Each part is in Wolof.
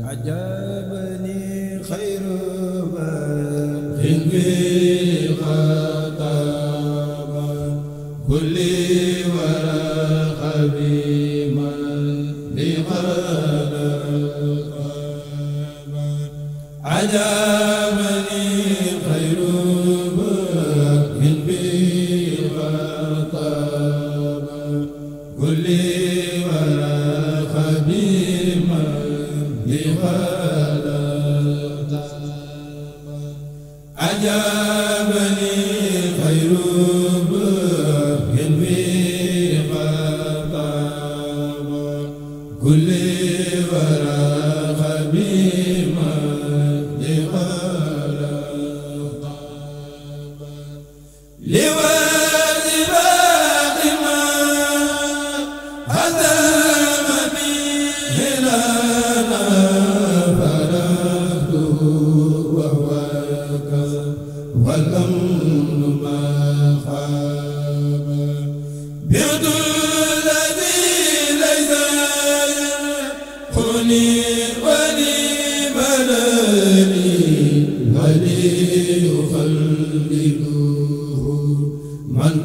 عجبني خير بخل بي خطابا كل ورقبي من لغد عجب man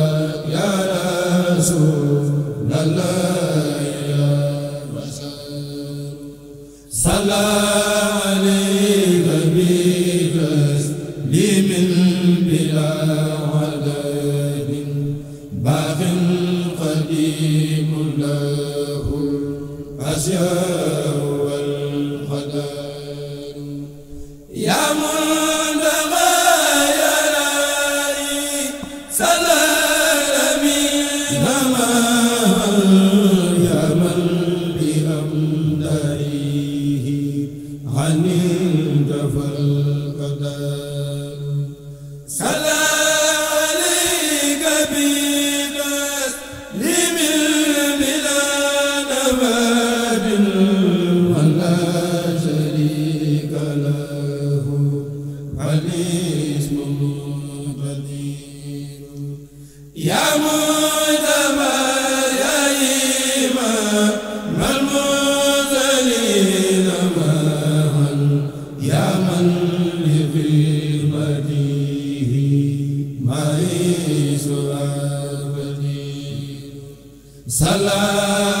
Salah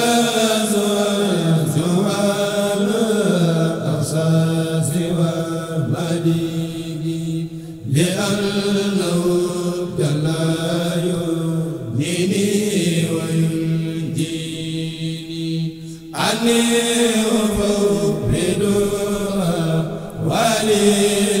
ali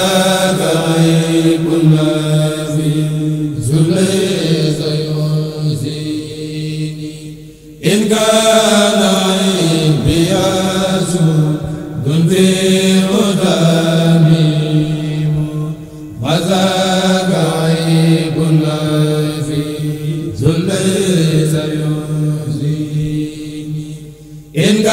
إن كان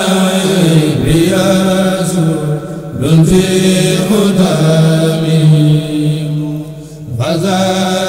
عبريا في هدامهم غزال